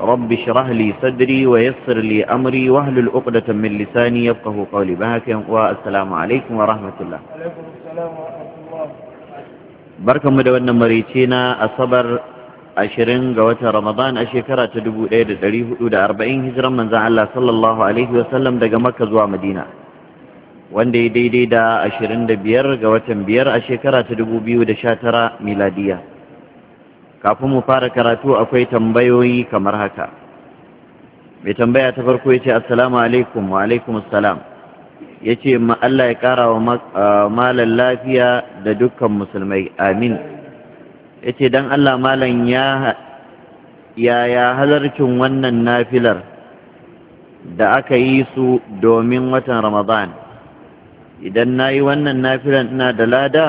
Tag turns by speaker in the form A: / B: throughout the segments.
A: رب اشرح لي صدري ويسر لي أمري واهلل عقدة من لساني يفقه قولي بهك والسلام عليكم ورحمة الله
B: عليكم السلام
A: ورحمة الله أصبر ashirin ga watan Ramadan a shekara ta dubu ɗaya da ɗari hudu da arba'in hijiran manzan Allah sallallahu Alaihi wasallam daga Makka zuwa Madina wanda ya daidai da ashirin da biyar ga watan biyar a shekara ta dubu biyu da sha tara miladiya. kafin mu fara karatu akwai tambayoyi kamar haka mai tambaya ta farko ya ce assalamu alaikum wa alaikum assalam ya ce Allah ya ƙara wa malar lafiya da dukkan musulmai amin ya ce don Allah malan ya yaya halarcin wannan nafilar da aka yi su domin watan ramadan idan na yi wannan nafilar ina da lada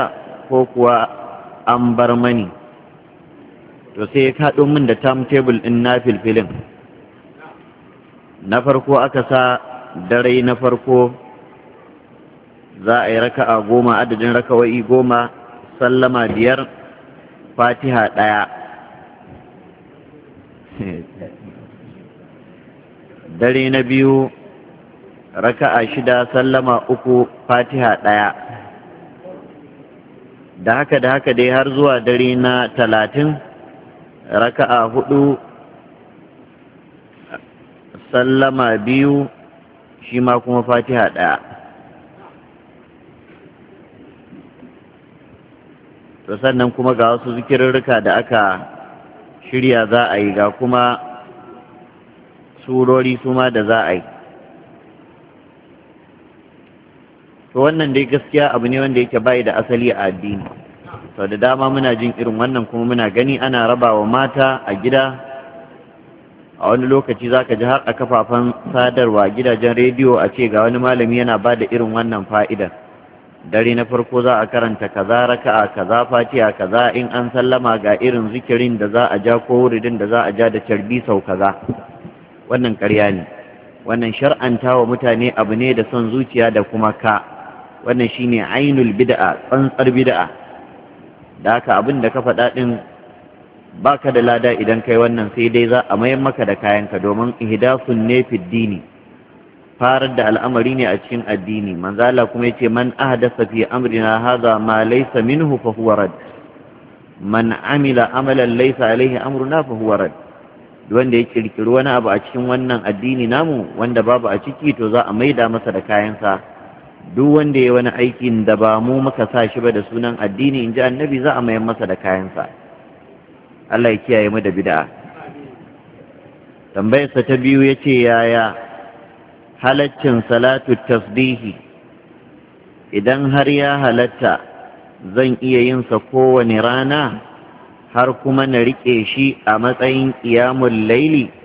A: ko kuwa an bar mani to sai ya kaɗo min da timetable ɗin na filfilin na farko aka sa dare na farko za a yi raka a goma adadin wa'i goma sallama biyar fatiha ɗaya dare na biyu raka'a shida sallama uku fatiha ɗaya da haka da haka dai har zuwa dare na talatin raka'a hudu sallama biyu shi ma kuma fatiha ɗaya to sannan kuma ga wasu zikirarruka da aka shirya za a yi ga kuma surori suma da za a yi to wannan dai gaskiya abu ne wanda yake bai da asali a addini sau da dama muna jin irin wannan kuma muna gani ana raba wa mata a gida a wani lokaci za ka ji har a kafafen sadarwa gidajen rediyo a ce ga wani malami yana ba da irin wannan fa'idan. dare na farko za a karanta kaza raka'a kaza a kaza in an sallama ga irin zikirin da za a ja ko wuridin da za a ja da carbi sau kaza wannan ƙarya ne wannan shar'anta wa mutane abu ne da son zuciya da kuma ka wannan shine ainul bid'a tsantsar bida'a. da haka abin da ka faɗa ɗin ba ka da lada idan kai wannan sai dai za a mayan maka da kayanka domin ihdasun ne dini farar da al'amari ne a cikin addini manzala kuma ya ce man ahdasa fi amrina hadha ma laysa minhu fa huwa rad man amila amalan laysa alaihi amruna fa huwa rad wanda ya kirkiri wani abu a cikin wannan addini namu wanda babu a ciki to za a maida masa da kayansa duk wanda ya wani aikin da ba mu muka sa shi ba da sunan addini in ji annabi za a mayan masa da kayansa Allah ya kiyaye mu da bid'a tambayarsa ta biyu ya ce yaya halaccin salatu tasbihi idan har ya halatta zan iya yinsa sa kowane rana har kuma na riƙe shi a matsayin ƙiyamun laili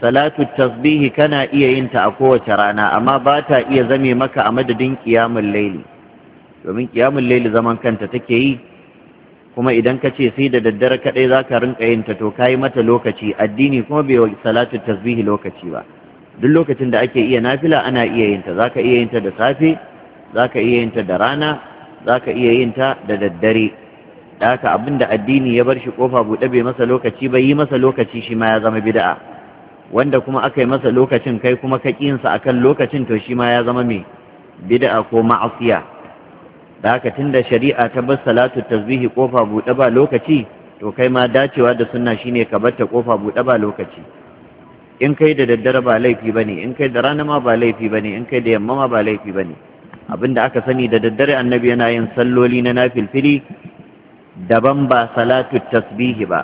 A: salatu tasbihi kana iya yin ta a kowace rana amma ba ta iya zame maka a madadin kiyamun laili domin kiyamun laili zaman kanta take yi kuma idan ka ce sai da daddare kaɗai za ka rinka yin ta to ka mata lokaci addini kuma bai wa salatu tasbihi lokaci ba duk lokacin da ake iya nafila ana iya yin ta za iya yin ta da safe za iya yin ta da rana za ka iya yin ta da daddare da haka abinda addini ya bar shi kofa buɗe bai masa lokaci ba yi masa lokaci shi ma ya zama bid'a wanda kuma aka yi masa lokacin kai kuma ka akan a kan lokacin to shi ma ya zama mai bid'a ko ma'asiya da haka tun da shari'a ta bar salatu tasbihi kofa buɗe ba lokaci to kai ma dacewa da sunna shine ka bar kofa buɗe ba lokaci in kai da daddare ba laifi ba ne, in kai da rana ba laifi ba ne, in kai da yamma ma ba laifi Abin abinda aka sani da daddare annabi yana yin salloli na nafilfili daban ba salatu tasbihi ba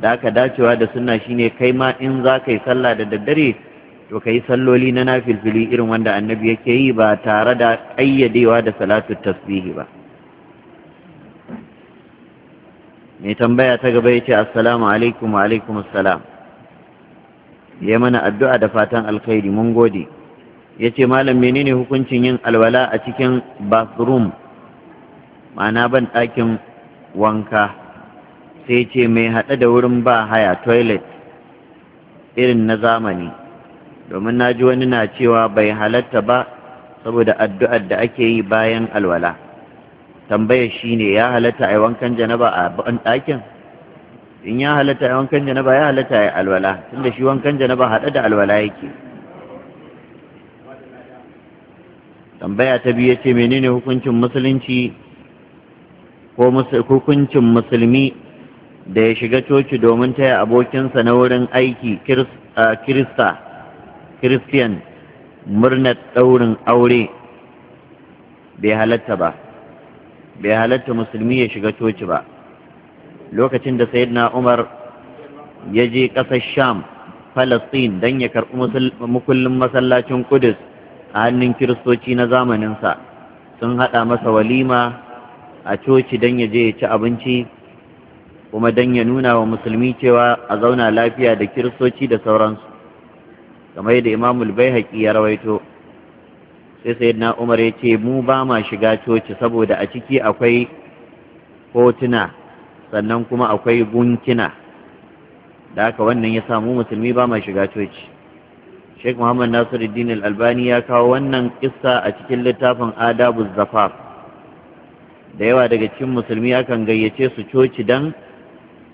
A: da aka dacewa da sunna shine kai ma in za ka yi sallah da daddare to ka yi salloli na nafilfili irin wanda annabi yake yi ba tare da ƙayyadewa da salatu tasbihi ba mai tambaya ta gaba ya ce assalamu alaikum wa alaikum assalam ya mana addu'a da fatan alkhairi mun gode ya ce malam menene hukuncin yin alwala a cikin bathroom ma'ana ban ɗakin wanka sai ce mai haɗe da wurin ba haya toilet irin na zamani domin na ji wani na cewa bai halatta ba saboda addu'ar da ake yi bayan alwala tambayar shi ne ya halatta a yi wankan janaba a ɗakin in ya halatta a yi wankan janaba ya halatta a yi alwala tunda shi wankan janaba haɗe da alwala yake tambaya ta biyu ce menene hukuncin musulunci ko hukuncin musulmi da ya shiga coci domin taya abokinsa na wurin aiki kirista kiristiyan murnar ɗaurin aure bai halatta ba bai halatta musulmi ya shiga coci ba lokacin da sayyidina umar ya je ƙasar sham falastin don ya karɓi mukullin masallacin kudus a hannun kiristoci na zamaninsa sun haɗa masa walima a coci don ya je ya ci abinci kuma Dan ya nuna wa musulmi cewa a zauna lafiya da kiristoci da sauransu kamar yadda imamul haƙi ya rawaito sai na umar ya ce mu ba ma shiga coci saboda a ciki akwai hotuna sannan kuma akwai gunkina da aka wannan ya mu musulmi ba ma shiga coci Sheikh Muhammad Nasiru Al-Albani ya kawo wannan kissa a cikin littafin adabu Zafaf da yawa daga cikin musulmi akan gayyace su coci dan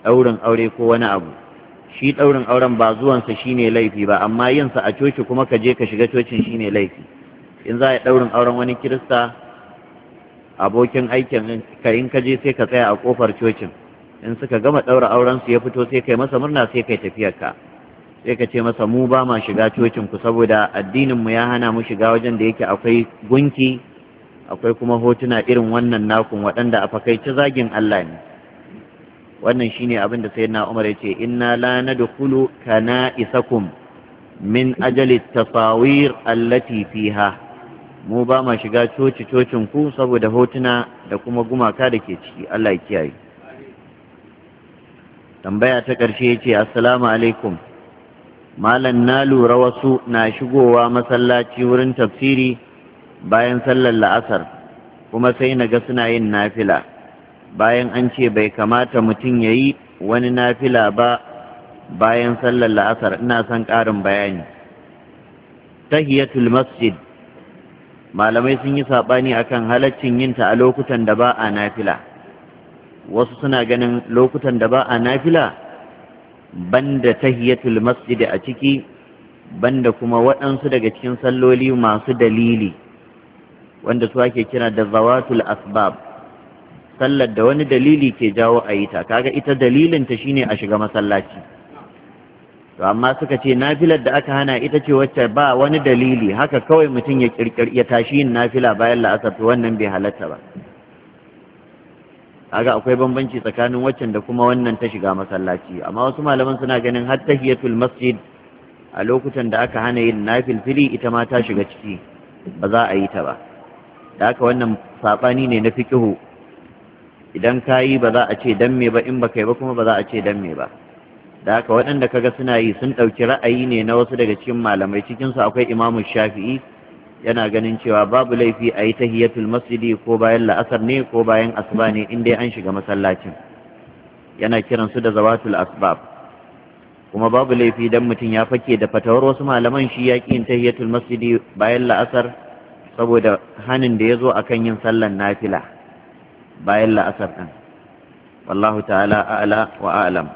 A: ɗaurin aure ko wani abu shi ɗaurin auren ba zuwansa shine laifi ba amma yinsa a coci kuma ka je ka shiga cocin shine laifi in za a yi ɗaurin auren wani kirista abokin aikin ka in ka je sai ka tsaya a kofar cocin in suka gama ɗaura auren su ya fito sai kai masa murna sai kai tafiyar ka sai ka ce masa mu ba ma shiga cocin ku saboda addinin mu ya hana mu shiga wajen da yake akwai gunki akwai kuma hotuna irin wannan nakun waɗanda a fakaice zagin Allah ne wannan shi ne abinda da na Umar ya ce inna la na kana isakum min ajali tasawir allati fiha mu ba ma shiga coci cocin ku saboda hotuna da kuma gumaka da ke ciki Allah ya kiyaye tambaya ta ƙarshe ya ce assalamu alaikum malam na lura wasu na shigowa masallaci wurin tafsiri bayan sallar la'asar kuma sai na ga suna yin nafila bayan an ce bai kamata mutum ya yi wani nafila ba bayan sallar la'asar ina son ƙarin bayani tahiyatul masjid malamai sun yi saɓani akan halaccin yinta a lokutan da ba a nafila wasu suna ganin lokutan da ba a nafila banda tahiyatul masjid a ciki banda kuma waɗansu daga cikin salloli masu dalili wanda su ake kira da zawatul asbab sallar da wani dalili ke jawo a yi ta kaga ita dalilinta ta shine a shiga masallaci to amma suka ce nafilar da aka hana ita ce wacce ba wani dalili haka kawai mutum ya kirkir ya tashi yin nafila bayan la'asar to wannan bai halatta ba kaga akwai bambanci tsakanin waccan da kuma wannan ta shiga masallaci amma wasu malaman suna ganin har tahiyatul masjid a lokutan da aka hana yin nafil firi ita ma ta shiga ciki ba za a yi ta ba da haka wannan saɓani ne na fikihu idan ka yi ba za a ce dan me ba in ba kai ba kuma ba za a ce dan me ba da haka waɗanda kaga suna yi sun ɗauki ra'ayi ne na wasu daga cikin malamai cikinsu akwai imamu shafi'i yana ganin cewa babu laifi a yi tahiyatul masjidi ko bayan la'asar ne ko bayan asuba ne in dai an shiga masallacin yana kiran su da zawatul asbab kuma babu laifi dan mutum ya fake da fatawar wasu malaman shi ya ƙi yin tahiyatul masjidi bayan la'asar saboda hanin da ya zo akan yin sallan nafila bayan la'asar ɗin wallahu ta'ala a'ala wa a'lam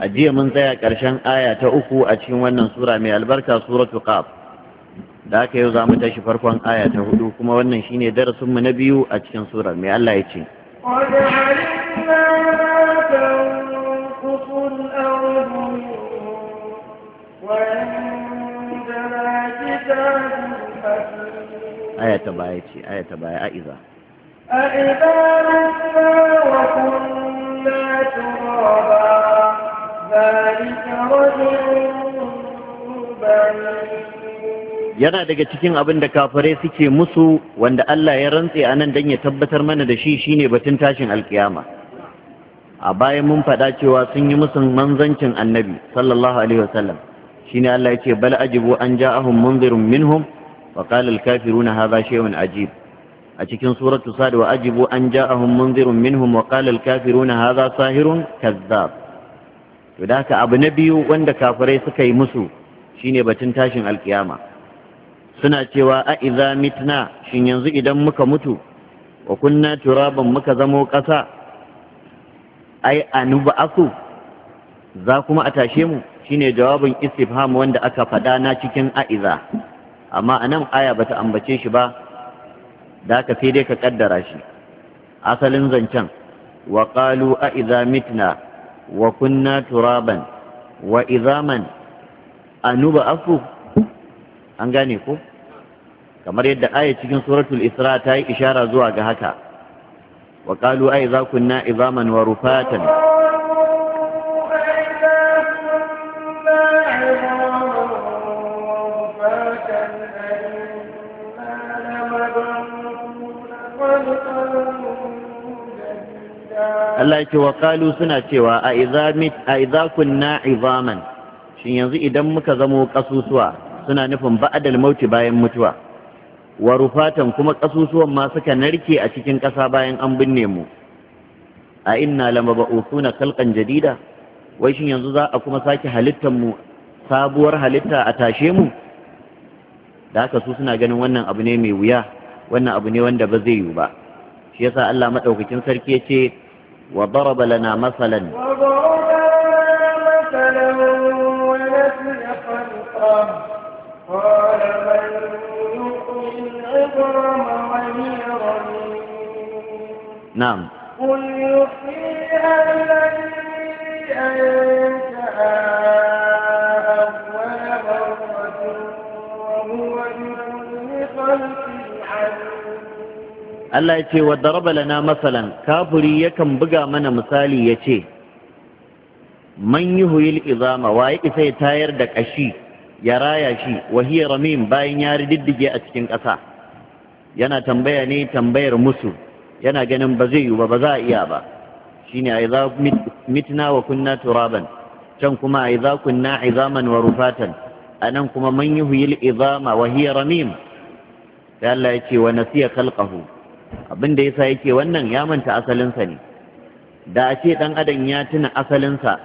A: a jiya mun tsaya ƙarshen aya ta uku a cikin wannan sura mai albarka suratu qaf da aka yau za mu tashi farkon aya ta hudu kuma wannan shine darasinmu na biyu a cikin sura. mai Allah ya ce aya baya ce aya ta baya a iza
B: a iza ba wa kunna turaba
A: yana daga cikin abin da kafare suke musu wanda Allah ya rantse a nan don ya tabbatar mana da shi shine batun tashin alkiyama a baya mun faɗa cewa sun yi musun manzancin annabi sallallahu alaihi wasallam shine Allah ya ce bal ajibu an ja'ahum munzirun minhum wa qala na kafiruna hadha shay'un ajib a cikin suratu sad wa ajibu an ja'ahum munzirun minhum wa qala al-kafiruna hadha sahirun kazzab to da haka abu na biyu wanda kafirai suka yi musu shine batun tashin alkiyama suna cewa a idza mitna shin yanzu idan muka mutu wa kunna turaban muka zamo ƙasa ai anuba'asu za kuma a tashe mu shine jawabin istifham wanda aka faɗa na cikin a'iza amma a nan aya bata ambace shi ba da ka sai dai ka kaddara shi asalin zancen wa qalu a iza mitna wa kunna turaban wa a anuba afu an gane ko kamar yadda aya cikin suratul isra ta yi ishara zuwa ga haka wa qalu a iza kunna izaman wa rufatan Allah ya ce wa kalu suna cewa a iza kunna izaman shin yanzu idan muka zamo kasusuwa suna nufin ba'adal mauti bayan mutuwa wa rufatan kuma kasusuwan ma suka narke a cikin ƙasa bayan an binne mu a inna lamaba'usuna khalqan jadida wai shin yanzu za a kuma sake halittar mu sabuwar halitta a tashe mu da haka su suna ganin wannan abu ne mai wuya wannan abu ne wanda ba zai yiwu ba shi yasa Allah madaukakin sarki ya ce وضرب لنا مثلا
B: وضرب لنا مثلا ونسي خلقه قال من يحيي العظام وهي نعم قل يحييها الذي أنشأها أول مرة وهو بكل خلق عليم
A: Allah ya ce wa daraba lana masalan kafuri yakan buga mana misali ya ce man yuhyil izama wa ya isa ya tayar da kashi ya raya shi wa hiya ramim bayan ya riddige a cikin ƙasa yana tambaya ne tambayar musu yana ganin ba zai yi ba ba za a iya ba shine a idza mitna wa kunna turaban can kuma a idza kunna izaman wa rufatan anan kuma man yuhyil izama wa hiya ramim sai Allah ya ce wa nasiya khalqahu Abinda da yasa yake wannan ya manta asalinsa ne da a ce ɗan adam ya tuna asalinsa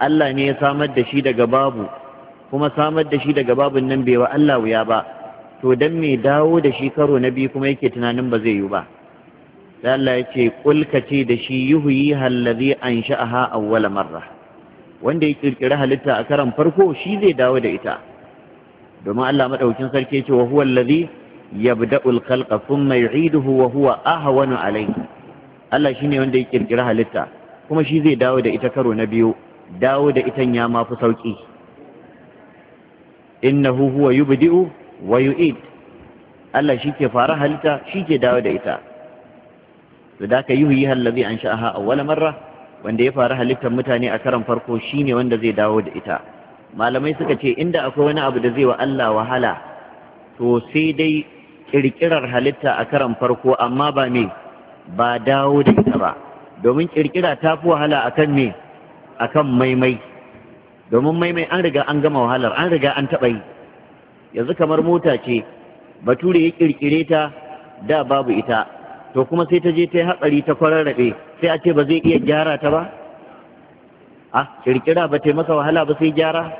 A: Allah ne ya samar da shi daga babu kuma samar da shi daga babun nan bai wa Allah wuya ba to dan me dawo da shi karo na biyu kuma yake tunanin ba zai yi ba sai Allah ya ce kul ka ce da shi yuhyi allazi ansha'aha awwala marra wanda ya kirkiri halitta a karan farko shi zai dawo da ita domin Allah madaukin sarki ya ce wa huwa allazi yabda'u al-khalqa thumma yu'iduhu wa huwa ahwanu alayhi Allah shine wanda ya kirkira halitta kuma shi zai dawo da ita karo na biyu dawo da ita ya ma fi sauki innahu huwa yubdi'u wa yu'id Allah shi ke fara halitta shi ke dawo da ita to da ka yuhi allazi ansha'aha awwala marra wanda ya fara halittar mutane a farko shine wanda zai dawo da ita malamai suka ce inda akwai wani abu da zai wa Allah wahala to sai dai ƙirƙirar halitta a karan farko amma ba me ba dawo da ita ba domin ƙirƙira ta fi wahala akan me akan maimai domin maimai an riga an gama wahalar an riga an taɓa yi yanzu kamar mota ce bature ya ƙirƙire ta da babu ita to kuma sai ta je ta yi hatsari ta kwararrabe sai a ce ba zai iya gyara ta ba a ƙirƙira ba ta masa wahala ba sai gyara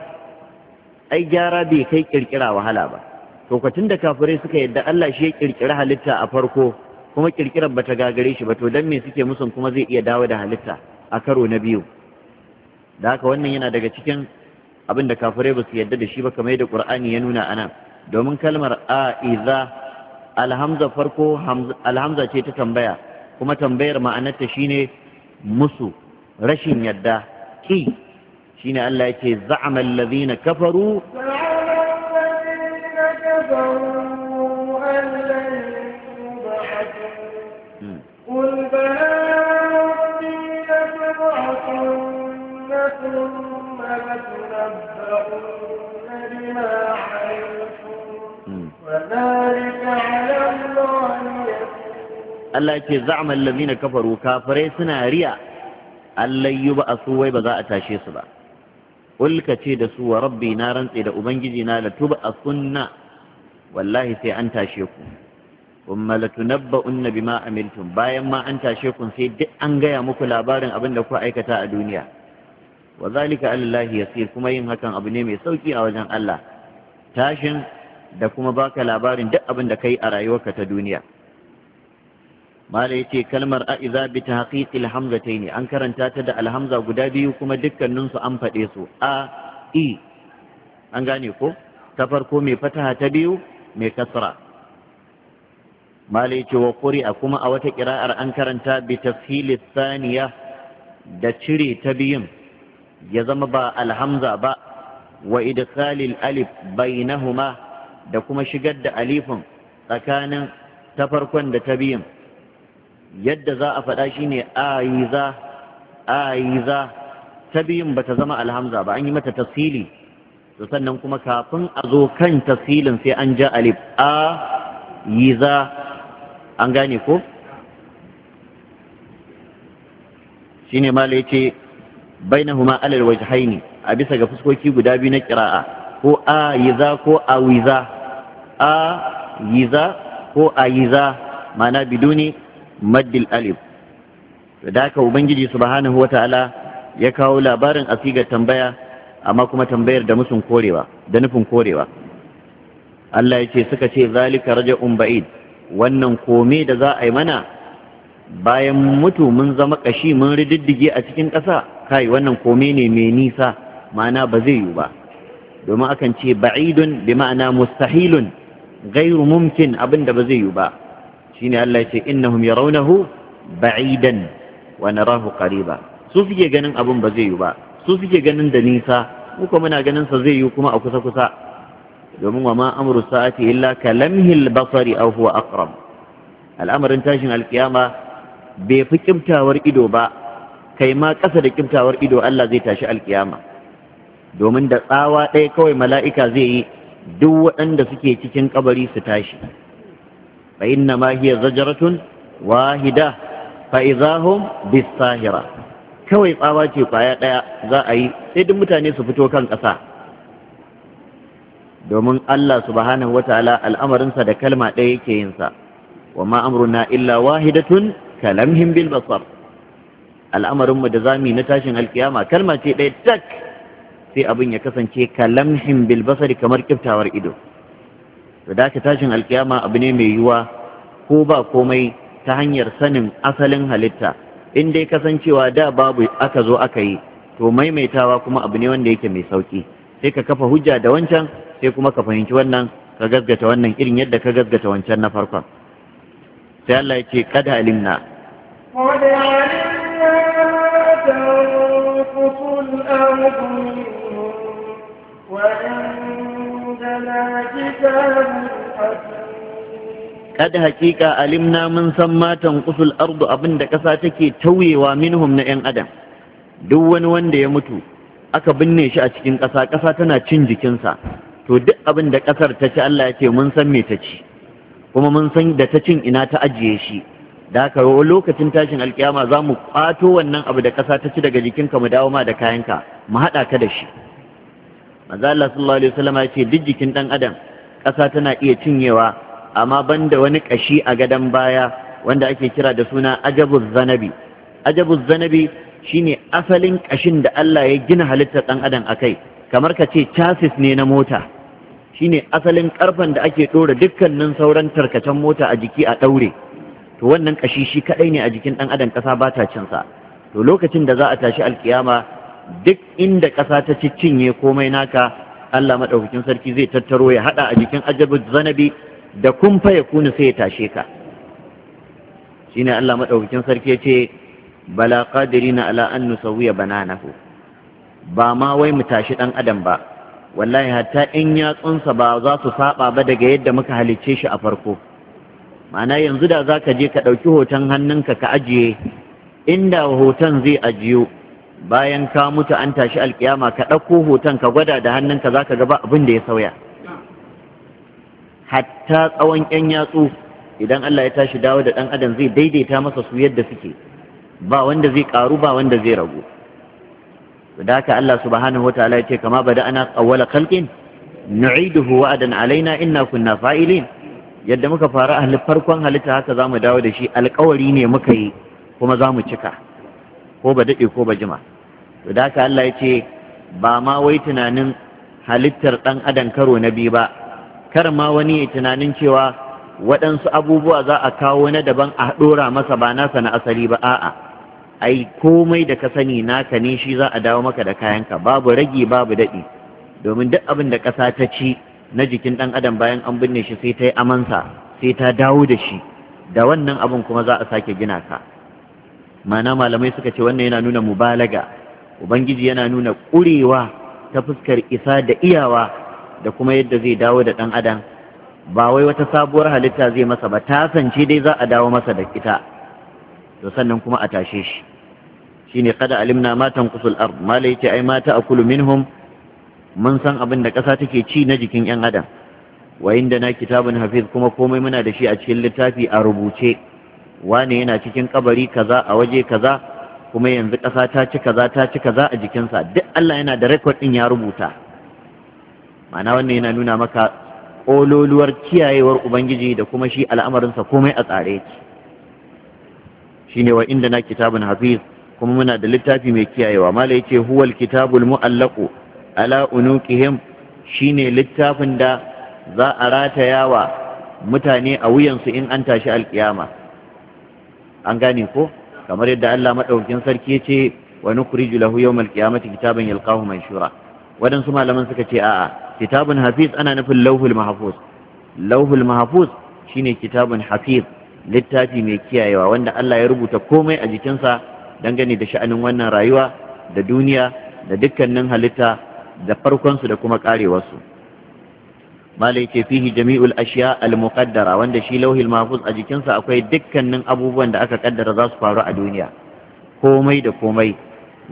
A: ai gyara bai kai ƙirƙira wahala ba lokacin da kafirai suka yadda Allah shi ya kirkiri halitta a farko kuma kirkirar bata gagare shi ba to dan me suke musun kuma zai iya dawo da halitta a karo na biyu da haka wannan yana daga cikin abin da kafirai ba su yadda da shi ba kamar yadda Qur'ani ya nuna anan domin kalmar a iza alhamza farko alhamza ce ta tambaya kuma tambayar ma'anarta shine musu rashin yadda ki shine Allah yake za'amal ladina kafaru
B: كفروا أن لن يبعثوا قل بلى ربي
A: Allah ce za'amal lazina kafaru kafirai suna riya Allah yi ba a su wai ba za a tashe su ba ulka ce da su wa rabbi na rantse da ubangiji na da tuba sunna wallahi sai an tashe ku umma latunabba'unna bima amiltum bayan ma an tashe ku sai duk an gaya muku labarin abin da ku aikata a duniya wa zalika alallahi yasir kuma yin hakan abu ne mai sauki a wajen Allah tashin da kuma baka labarin duk abin da kai a rayuwarka ta duniya mala yace kalmar a'iza bi tahqiqil ne. an karanta ta da alhamza guda biyu kuma dukkaninsu an faɗe su a i an gane ko ta farko mai fataha ta biyu mai kasra mali ce wa ƙuri'a kuma a wata ƙira'ar an karanta bi tafhili saniya da cire ta biyun ya zama ba alhamza ba wa idkhalil alif bainahuma da kuma shigar da alifin tsakanin ta farkon da ta biyun yadda za a faɗa shine ayiza ayiza ta biyun bata zama alhamza ba an yi mata tafsili to sannan kuma kafin a zo kan tafsilin sai an ja alif a yi za an gane ko shine bai na huma alal waje haini, a bisa ga fuskoki guda biyu na kira'a ko a yi za ko a za a yi za ko a yi za bidu biduni maddil alif da haka ubangiji subhanahu ta'ala ya kawo labarin asigar tambaya amma kuma tambayar da musun korewa da nufin korewa Allah ya ce suka ce zalika raja'un ba'id wannan kome da za a yi mana bayan mutu mun zama kashi mun rididdige a cikin ƙasa kai wannan kome ne mai nisa ma'ana ba zai yiwu ba domin akan ce ba'idun bi ma'ana mustahilun gairu mumkin abin da ba zai yiwu ba shine Allah ya ce innahum yarawnahu ba'idan wa narahu qariba su fiye ganin abun ba zai yiwu ba su suke ganin da nisa mu kuma muna ganin sa zai yi kuma a kusa kusa domin wa ma amru sa'ati illa kalamhil basari aw huwa aqrab al'amarin tashin alkiyama bai fi kimtawar ido ba kai ma ƙasa da kimtawar ido Allah zai tashi alkiyama domin da tsawa ɗaya kawai mala'ika zai yi duk waɗanda suke cikin kabari su tashi fa inna ma hiya zajaratun wahida fa idahum bis sahira kawai tsawa ce kwaya ɗaya za a yi sai duk mutane su fito kan ƙasa domin Allah subhanahu wataala al'amarinsa da kalma ɗaya yake yin sa wa ma amruna illa wahidatun kalamhim bil basar al'amarinmu da zami na tashin alkiyama kalma ce ɗaya tak sai abin ya kasance kalamhim bil basar kamar kiftawar ido to da tashin alkiyama abu ne mai yiwuwa ko ba komai ta hanyar sanin asalin halitta in dai kasancewa da babu aka zo aka yi to maimaitawa kuma abu ne wanda yake mai sauki sai ka kafa hujja da wancan sai kuma ka fahimci wannan ka gaggata wannan irin yadda ka gaggata wancan na farkon sai Allah ya ce kada alimna
B: وعندنا كتاب
A: kad haƙiƙa alimna mun san matan kusul ardu abinda da ƙasa take tauyewa minhum na 'yan adam duk wani wanda ya mutu aka binne shi a cikin ƙasa ƙasa tana cin jikinsa to duk abin da ƙasar ta ci Allah ya ce mun san me ta ci kuma mun san da ta cin ina ta ajiye shi da haka lokacin tashin alkiyama za mu ƙwato wannan abu da ƙasa ta ci daga jikinka mu dawo ma da kayanka mu haɗa ka da shi maza Allah sallallahu alaihi wasallam ya ce duk jikin ɗan adam ƙasa tana iya cinyewa amma banda wani kashi a gadon baya wanda ake kira da suna ajabuz zanabi ajabuz zanabi shine asalin kashin da Allah ya gina halittar ɗan adam akai kamar ka ce chassis ne na mota shine asalin karfan da ake dora dukkanin sauran tarkacen mota a jiki a daure to wannan kashi shi kaɗai ne a jikin dan adam kasa ba ta cin to lokacin da za a tashi alkiyama duk inda ƙasa ta ci cinye komai naka Allah madaukakin sarki zai tattaro ya haɗa a jikin ajabuz zanabi da kun fa ya kuna sai ya tashe ka shine Allah madaukakin sarki ya ce bala qadirina ala an nusawiya bananahu ba ma wai mu tashi ɗan adam ba wallahi hatta in yatsunsa ba za su saba ba daga yadda muka halicce shi a farko ma'ana yanzu da za ka je ka ɗauki hoton hannunka ka ajiye inda hoton zai ajiyo bayan ka mutu an tashi alkiyama ka ɗauko hoton ka gwada da hannunka za ka gaba abin da ya sauya hatta tsawon ƴan yatsu idan Allah ya tashi dawo da ɗan adam zai daidaita masa su yadda suke ba wanda zai ƙaru ba wanda zai ragu da haka Allah subhanahu wataala ya ce kama bada ana awwala khalqin nu'iduhu wa'adan alaina inna kunna fa'ilin yadda muka fara ahli farkon halitta haka zamu dawo da shi alƙawari ne muka yi kuma zamu cika ko ba daɗe ko ba jima to da haka Allah ya ce ba ma wai tunanin halittar ɗan adam karo na biyu ba kar ma wani ya tunanin cewa waɗansu abubuwa za a kawo na daban a ɗora masa ba nasa na asali ba a'a ai komai da ka sani naka ne shi za a dawo maka da kayanka babu ragi babu daɗi domin duk abin da ƙasa ta ci na jikin ɗan adam bayan an binne shi sai ta yi amansa sai ta dawo da shi da wannan abin kuma za a sake gina ka mana malamai suka ce wannan yana nuna mubalaga ubangiji yana nuna ƙurewa ta fuskar isa da iyawa da kuma yadda zai dawo da ɗan adam ba wai wata sabuwar halitta zai masa ba ta sance dai za a dawo masa da ita to sannan kuma a tashe shi shine kada alimna ma tanqusul ard mala yace ai mata akulu minhum mun san abin da ƙasa take ci na jikin yan adam wa inda na kitabun hafiz kuma komai muna da shi a cikin littafi a rubuce wane yana cikin kabari kaza a waje kaza kuma yanzu ƙasa ta ci kaza ta ci kaza a jikinsa duk Allah yana da rekod ɗin ya rubuta ma'ana wannan yana nuna maka ƙololuwar kiyayewar ubangiji da kuma shi al'amarinsa komai a tsare yake ne wa inda na kitabun hafiz kuma muna da littafi mai kiyayewa mala yace huwal kitabul mu'allaqu ala unuqihim ne littafin da za a ratayawa mutane a wuyansu in an tashi alkiyama an gane ko kamar yadda Allah maɗaukin sarki ce wa nukhriju lahu yawmal qiyamati kitaban yalqahu manshura wadansu malaman suka ce a'a kitabun hafiz ana nufin lauhul mahfuz lauhul mahfuz shine kitabun hafiz littafi mai kiyayewa wanda Allah ya rubuta komai a jikinsa dangane da sha'anin wannan rayuwa da duniya da dukkanin halitta da farkonsu da kuma karewarsu malai ce fihi jami'ul ashiya al muqaddara wanda shi lauhil mahfuz a jikinsa akwai dukkanin abubuwan da aka kaddara za su faru a duniya komai da komai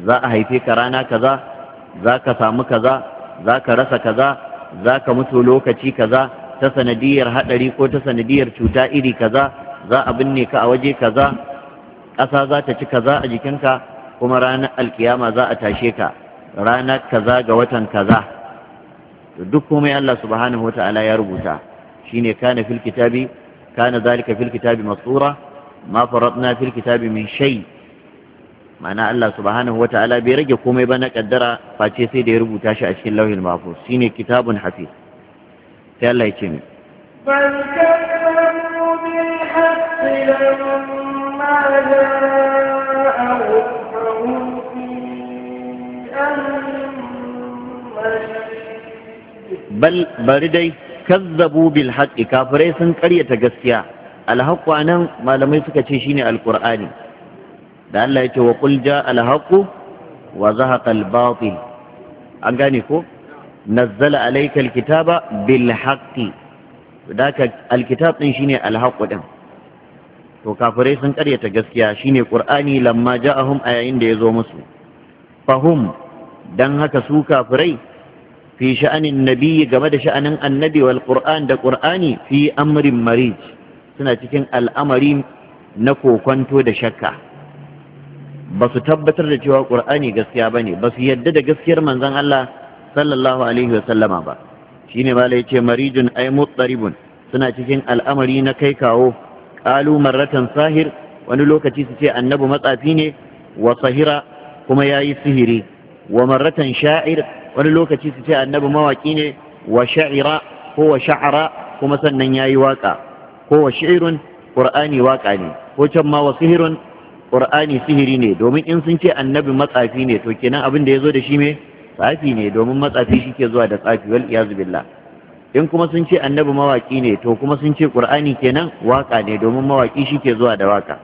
A: za a haife ka rana kaza za ka samu kaza za ka rasa kaza za ka mutu lokaci kaza ta sanadiyar haɗari ko ta sanadiyar cuta iri kaza za a binne ka a waje kaza ƙasa za ta ci kaza a jikinka kuma ranar alkiyama za a tashe ka ranar kaza ga watan kaza duk komai Allah subhanahu wa ta'ala ya rubuta shine kana fil kitabi kana zalika fil kitabi masura ma faratna fil kitabi min shay' ma'ana Allah subhanahu wa ta'ala bai rage komai ba na kaddara face sai da ya rubuta shi a cikin lauhin mahfuz shine kitabun hafiz sai Allah ya ce ni bal
B: kanu bil haqqi lamma ja'ahum fahum fi
A: bal bari dai kazzabu bil haqqi kafirai sun karyata gaskiya alhaqqa nan malamai suka ce shine alqur'ani da Allah yake wa qul ja al wa zahaqa al-batil an gane ko nazzala alayka al-kitaba bil haqqi da ka din shine al din to kafirai sun karyata gaskiya shine qur'ani lamma ja'ahum a yayin da yazo musu fahum dan haka su kafirai fi sha'anin nabiyyi game da sha'anin annabi wal qur'an da qur'ani fi amrin marij suna cikin al'amari na kokonto da shakka ba su tabbatar da cewa qur'ani gaskiya bane ba su yadda da gaskiyar manzon Allah sallallahu alaihi wa sallama ba shine mala yace marijun ay suna cikin al'amari na kai kawo qalu marratan sahir wani lokaci su ce annabi matsafi ne wa sahira kuma yayi sihiri wa marratan sha'ir wani lokaci su ce annabi mawaki ne wa sha'ira ko wa sha'ara kuma sannan yayi waka ko wa shi'irun qur'ani waka ne ko can ma wa sihirun qur'ani sihiri ne domin in sun ce annabi matsafi ne to kenan abin da ya zo da shi me tsafi ne domin matsafi shi ke zuwa da tsafi wal iyaz billah in kuma sun ce annabi mawaki ne to kuma sun ce qur'ani kenan waka ne domin mawaki shi ke zuwa da waka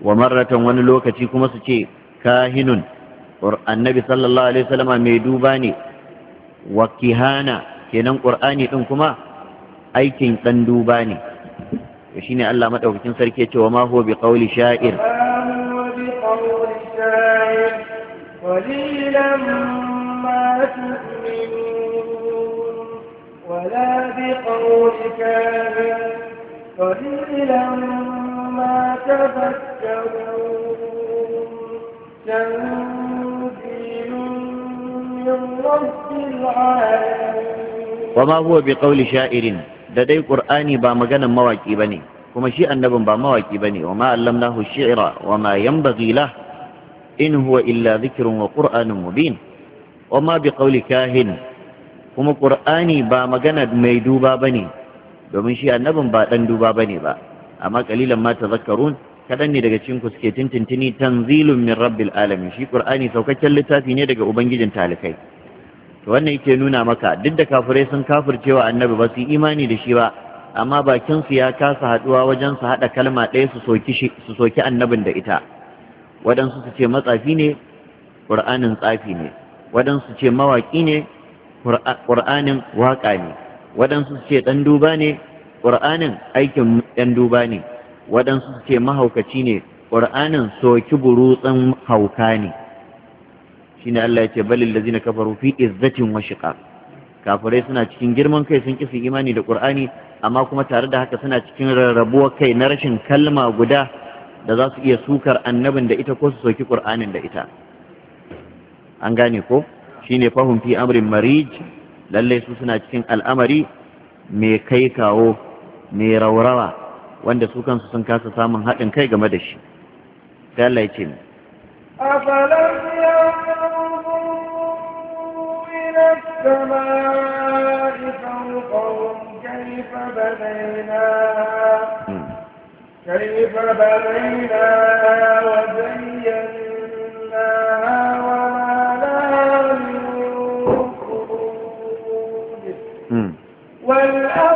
A: wa marratan wani lokaci kuma su ce kahinun annabi sallallahu alaihi wasallama mai duba ne wa kenan qur'ani din kuma aikin dan duba ne to shine Allah madaukakin وما هو بقول wa ma هو بقول
B: qawli قليلا ما تؤمنون ولا بقول كافر قليلا ما تذكرون تنزيل من رب العالمين
A: وما هو بقول شاعر da dai Kur'ani ba maganan mawaki ne kuma shi annabin ba mawaki bane wa ma allamnahu shi'ra wa ma yanbaghi in huwa illa zikirin wa qur'anun mubin wa ma biqawli kahin kuma ƙur'ani ba magana mai duba bane domin shi annabin ba dan duba bane ba amma ƙalilan ma zakarun kadan ne daga cikin ku suke tintintini tanzilun min rabbil alamin shi ƙur'ani saukakken littafi ne daga ubangijin talikai wannan yake nuna maka duk da kafirai sun kafircewa annabi ba su imani da shi ba amma bakin su ya kasa haduwa wajen su hada kalma ɗaya su soki su soki annabin da ita waɗansu su ce matsafi ne ƙur'anin tsafi ne waɗansu ce mawaƙi ne ƙur'anin waƙa ne waɗansu su ce ɗan duba ne ƙur'anin aikin ɗan duba ne waɗansu su ce mahaukaci ne ƙur'anin soki burutsin hauka ne shine Allah ya ce balil ladzina kafaru fi izzatin wa shiqaq kafirai suna cikin girman kai sun kisa imani da Qur'ani amma kuma tare da haka suna cikin rarrabuwar kai na rashin kalma guda da za su iya sukar annabin da ita ko su soki Qur'anin da ita an gane ko shine fahum fi amrin marij lalle su suna cikin al'amari mai kai kawo mai raurawa wanda su kansu sun kasa samun haɗin kai game da shi sai Allah ya ce
B: أفلم ينظروا إلى السماء فوقهم كيف بنيناها كيف بنيناها وزيناها وما لها من قرود والأرض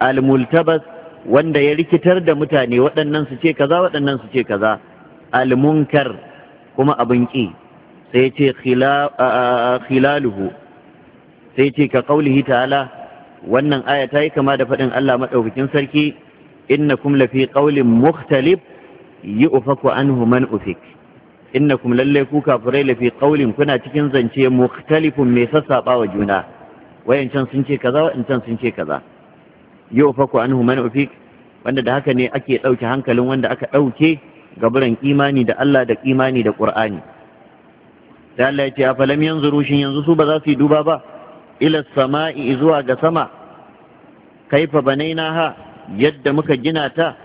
A: al-multabas wanda ya rikitar da mutane waɗannan su ce kaza waɗannan su ce kaza al-munkar kuma abin ƙi sai ce khilaluhu sai ce ka qaulihi ta'ala wannan aya ta yi kama da faɗin Allah maɗaukakin sarki innakum lafi qaulin mukhtalif yu'faku anhu man ufik innakum lallai ku kafirai lafi qaulin kuna cikin zance mukhtalifun mai sassaɓa wa juna wayancan sun ce kaza wayancan sun ce kaza yufaku anhu man ufik wanda da haka ne ake ɗauke hankalin wanda aka ɗauke gaburan imani da Allah da imani da Ƙur'ani. da Allah ya ce falam yanzuru shin yanzu su ba za su yi duba ba ila sama'i zuwa ga sama kaifa naha, yadda muka gina ta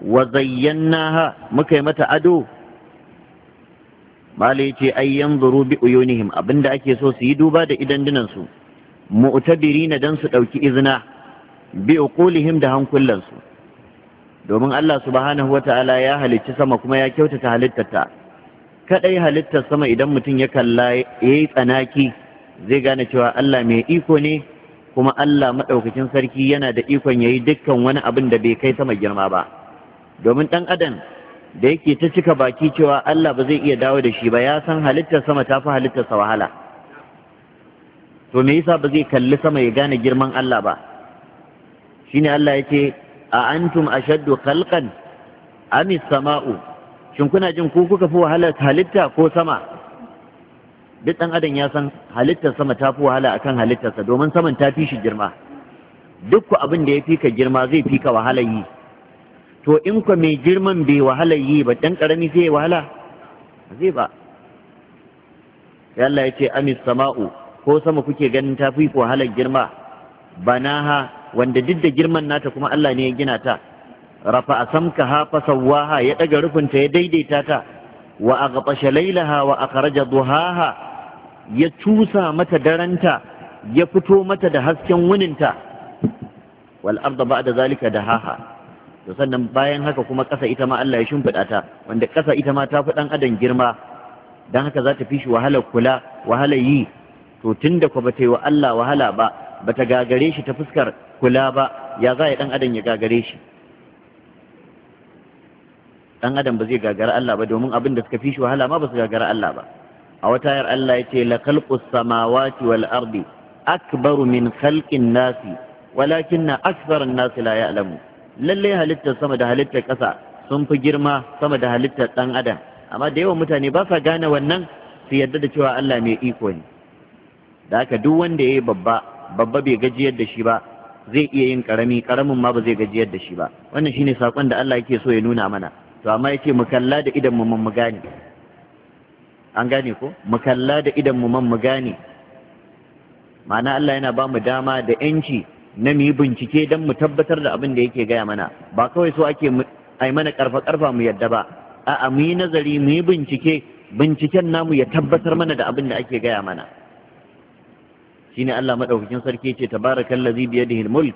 A: wa naha, muka yi mata ado Bala ya ce ai yanzuru bi uyunihim abinda ake so su yi duba da idan dinansu mu'tabirina dan su ɗauki izina bi uqulihim da su domin Allah subhanahu wata'ala ya halicci sama kuma ya kyautata halittarta kadai halittar sama idan mutum ya kalla yayi tsanaki zai gane cewa Allah mai iko ne kuma Allah madaukakin sarki yana da ikon yayi dukkan wani abin da bai kai sama girma ba domin dan adam da yake ta cika baki cewa Allah ba zai iya dawo da shi ba ya san halittar sama ta fi halittarsa wahala to me yasa ba zai kalli sama ya gane girman Allah ba shine Allah ce a antum ashaddu khalqan am samau shin kuna jin ku kuka fi wahala halitta ko sama duk dan adam ya san halittar sama ta fi wahala akan halittarsa domin saman ta fi shi girma duk abin da ya fi ka girma zai fi ka wahala yi to in ku mai girman bai wahala yi ba dan karami sai wahala zai ba Allah ya ce amis sama'u ko sama kuke ganin ta fi wahala girma banaha wanda duk da girman nata kuma Allah ne ya gina ta rafa asamkaha fasawwaha ya daga rufinta ya daidaita ta wa aghtasha lailaha wa akhraja duhaha ya cusa mata daranta ya fito mata da hasken wuninta wal arda ba'da zalika dahaha to sannan bayan haka kuma kasa ita ma Allah ya shimfiɗa ta wanda kasa ita ma ta fi dan adam girma dan haka za ta fi shi wahalar kula wahalar yi to tunda ko ta yi wa Allah wahala ba bata gagare shi ta fuskar kula ba ya za yi ɗan adam ya gagare shi ɗan adam ba zai gagara Allah ba domin abin da suka fi shi wahala ma ba su gagara Allah ba a wata yar Allah ya ce la khalqus samawati wal ardi akbaru min khalqin nasi walakinna aktharan nasi la ya'lamu lalle halittar sama da halittar ƙasa sun fi girma sama da halittar ɗan adam amma da yawan mutane ba sa gane wannan su yarda da cewa Allah mai iko ne da haka duk wanda ya yi babba babba bai gajiyar da shi ba zai iya yin karami karamin ma ba zai gajiyar da shi ba wannan shine sakon da Allah yake so ya nuna mana to amma yake mu kalla da idan mu man mu gane an gane ko mu kalla da idan mu man mu gane ma'ana Allah yana ba mu dama da yanci na mu yi bincike don mu tabbatar da abin da yake gaya mana ba kawai so ake ai mana karfa karfa mu yadda ba a'a mu yi nazari mu yi bincike binciken namu ya tabbatar mana da abin da ake gaya mana شين ألا مدعو في جنصر كيتي تبارك الذي بيده الملك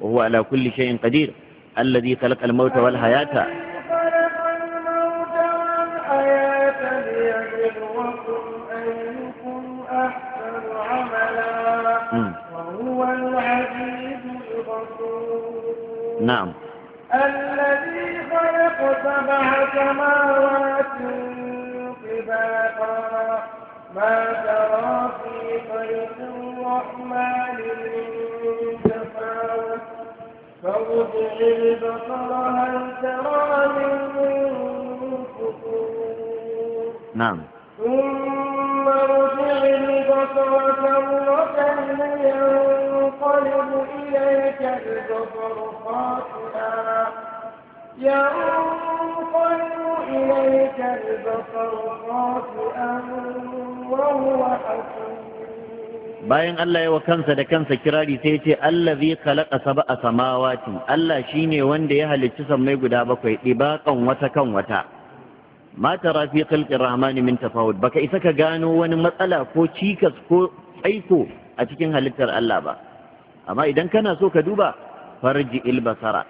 A: وهو على كل شيء قدير الذي خلق الموت والحياة نعم الذي خلق سبع سماوات
B: قباقا ما الرحمن من تفاوت فارجع البصر هل ترى من نعم ثم ارجع البصر كرة ينقلب إليك البصر خاطئا ينقلب إليك البصر خاطئا وهو حسين
A: bayan Allah ya wa kansa da kansa kirari sai ya ce zai kalaka sab'a samawati Allah shine wanda ya halicci sammai guda bakwai dibaqan wata kan wata ma tara fi khalqir rahmani min tafawud baka isa ka gano wani matsala ko cikas ko tsaiko a cikin halittar Allah ba amma idan kana so ka duba farji ilbasara